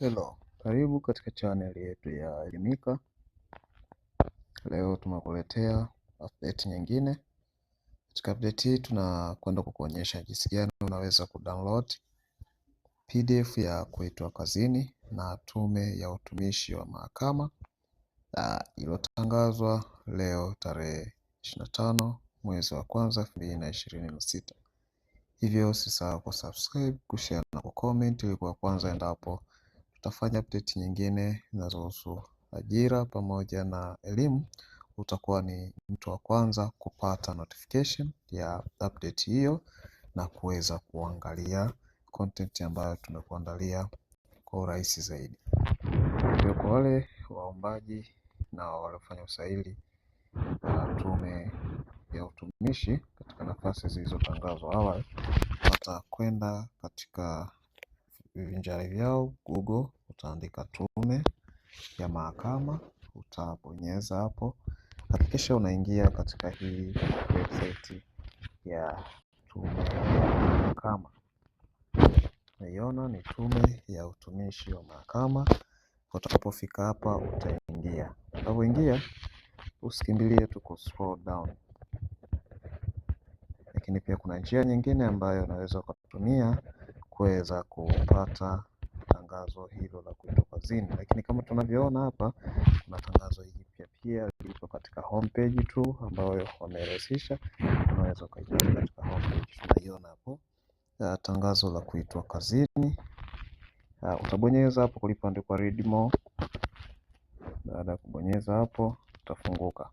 Hello, karibu katika channel yetu ya Elimika. Leo tumekuletea update nyingine. Katika update hii tunakwenda kukuonyesha jinsi gani unaweza kudownload PDF ya kuitwa kazini na Tume ya Utumishi wa Mahakama iliyotangazwa leo tarehe 25 mwezi wa kwanza 2026. Hivyo usisahau kusubscribe, kushare na kucomment ili kwanza endapo tutafanya update nyingine zinazohusu ajira pamoja na elimu, utakuwa ni mtu wa kwanza kupata notification ya update hiyo na kuweza kuangalia content ambayo tumekuandalia kwa urahisi zaidi. Kwa kwa wale waombaji na waliofanya usaili na Tume ya Utumishi katika nafasi zilizotangazwa awali watakwenda katika vinjari vyao Google utaandika tume ya mahakama, utabonyeza hapo, hakikisha unaingia katika hii website ya tume ya mahakama. Unaiona ni tume ya utumishi wa mahakama. Utakapofika hapa utaingia, Unapoingia usikimbilie tu ku scroll down, lakini pia kuna njia nyingine ambayo unaweza ukatumia kuweza kupata tangazo hilo la kuitwa Kazini, lakini kama tunavyoona hapa kuna tangazo jipya pia liko katika homepage tu ambayo wamerahisisha, unaweza ukaingia katika homepage. Tunaiona hapo uh, tangazo la kuitwa Kazini. Uh, ah, utabonyeza hapo kulipoandikwa read more. Baada ya kubonyeza hapo utafunguka.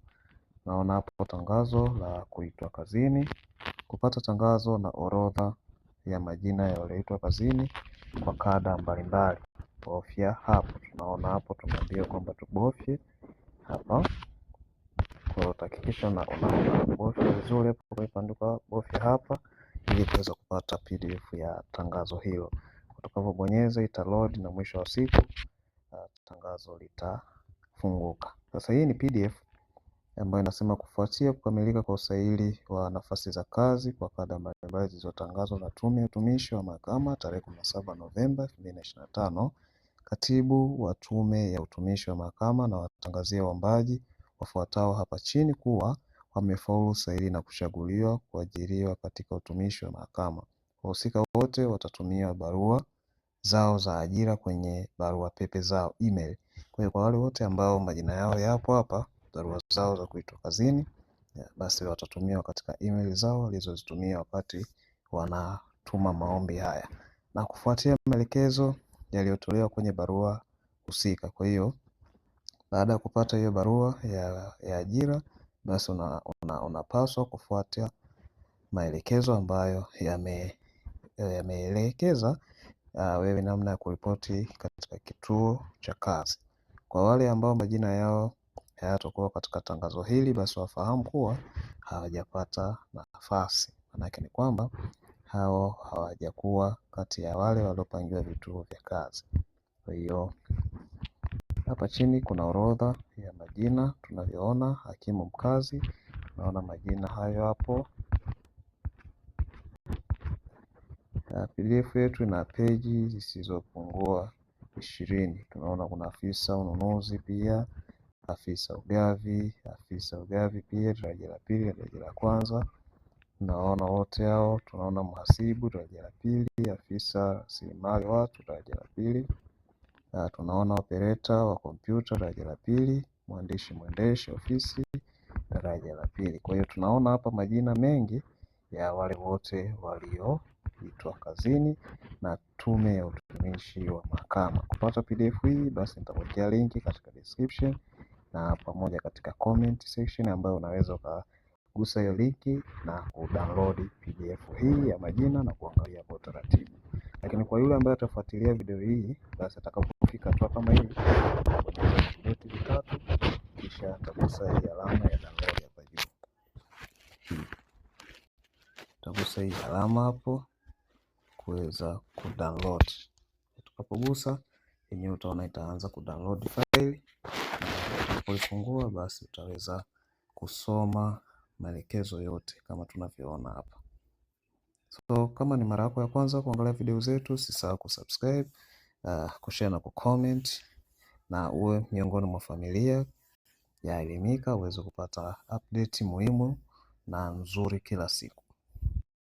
Naona hapo tangazo la kuitwa kazini. Kupata tangazo na orodha ya majina ya walioitwa kazini kwa kada mbalimbali. Bofya hapo, tunaona hapo tunaambia kwamba tubofye hapa utahakikisha na unabofya vizuri pandikwa bofya hapa ili kuweza kupata PDF ya tangazo hilo. Utakapobonyeza load na mwisho wa siku uh, tangazo litafunguka. Sasa hii ni PDF ambayo inasema kufuatia kukamilika kwa usaili wa nafasi za kazi kwa kada mbalimbali zilizotangazwa na Tume ya Utumishi wa Mahakama tarehe 17 Novemba 2025, Katibu wa Tume ya Utumishi wa Mahakama na watangazia waombaji wafuatao hapa chini kuwa wamefaulu usaili na kuchaguliwa kuajiriwa katika utumishi wa mahakama. Wahusika wote watatumia barua zao za ajira kwenye barua pepe zao email. Kwa hiyo kwa wale wote ambao majina yao yapo hapa barua zao za kuitwa kazini yeah, basi watatumiwa katika email zao walizozitumia wakati wanatuma maombi haya na kufuatia maelekezo yaliyotolewa kwenye barua husika. Kwa hiyo baada ya kupata hiyo barua ya, ya ajira basi unapaswa una, una kufuatia maelekezo ambayo yameelekeza ya uh, wewe namna ya kuripoti katika kituo cha kazi. Kwa wale ambao majina yao hayatokuwa katika tangazo hili, basi wafahamu kuwa hawajapata nafasi. Maanake ni kwamba hao hawajakuwa kati ya wale waliopangiwa vituo vya kazi. Kwa hiyo hapa chini kuna orodha ya majina tunavyoona, hakimu mkazi, tunaona majina hayo hapo. PDF yetu ina peji zisizopungua ishirini. Tunaona kuna afisa ununuzi pia afisa ugavi, afisa ugavi pia daraja la pili, daraja la kwanza, tunaona wote hao. Tunaona mhasibu daraja la pili, afisa rasilimali watu daraja la pili, tunaona opereta wa kompyuta daraja la pili, mwandishi mwendeshi ofisi daraja la pili. Kwa hiyo tunaona hapa majina mengi ya wale wote walioitwa kazini na Tume ya Utumishi wa Mahakama. Kupata PDF hii, basi nitawekea linki katika description na pamoja katika comment section ambayo unaweza ukagusa hiyo linki na kudownload PDF hii ya majina na kuangalia kwa utaratibu. Lakini kwa yule ambaye atafuatilia video hii, basi atakapofika tu kama hivi, atabonyeza vidoti vitatu, kisha atagusa hii alama ya download hapa juu, atagusa hii alama hapo kuweza kudownload. Utakapogusa yenyewe utaona itaanza kudownload file. na Utakapoifungua basi utaweza kusoma maelekezo yote kama tunavyoona hapa. So kama ni mara yako ya kwanza kuangalia video zetu, usisahau kusubscribe, uh, kushare na kucomment na uwe miongoni mwa familia ya Elimika uweze kupata update muhimu na nzuri kila siku.